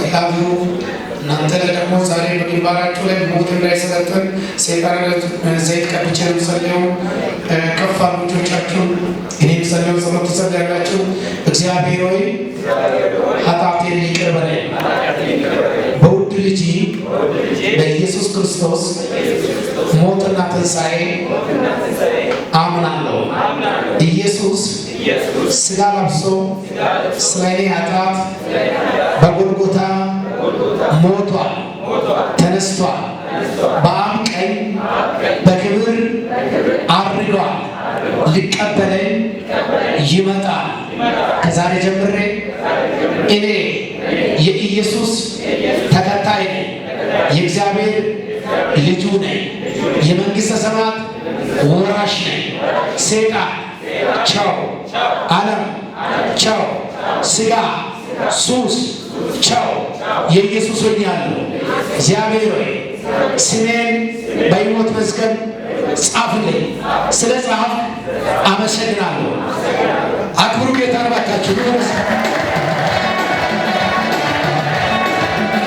ሪሃብ እናንተ ደግሞ ዛሬ በግንባራችሁ ላይ ሞት እንዳይሰለጥን ሰይጣን ዘይት ቀብቼ ነው የምጸልየው። ከፍ አርጎቻችሁን እኔ የምጸልየው ጸሎት ትጸልያላችሁ። እግዚአብሔር ሆይ ኃጢአቴን ይቅር በለኝ በውድ ልጅ በኢየሱስ ክርስቶስ ሞትና ትንሣኤ አምናለሁ። ኢየሱስ ስጋ ለብሶ ስለ እኔ ኃጢአት ሞቷል፣ ተነስቷል፣ በአብ ቀኝ በክብር አርጓል፣ ሊቀበለኝ ይመጣል። ከዛሬ ጀምሬ እኔ የኢየሱስ ተከታይ ነኝ፣ የእግዚአብሔር ልጁ ነኝ፣ የመንግሥተ ሰማያት ወራሽ ነኝ። ሴጣን ቻው፣ ዓለም ቻው፣ ሥጋ ሱስ፣ ጨው የኢየሱስ ሆኛለሁ። እግዚአብሔር ሆይ ስሜን በሕይወት መዝገብ ጻፍልኝ። ስለ ጻፍ አመሰግናለሁ።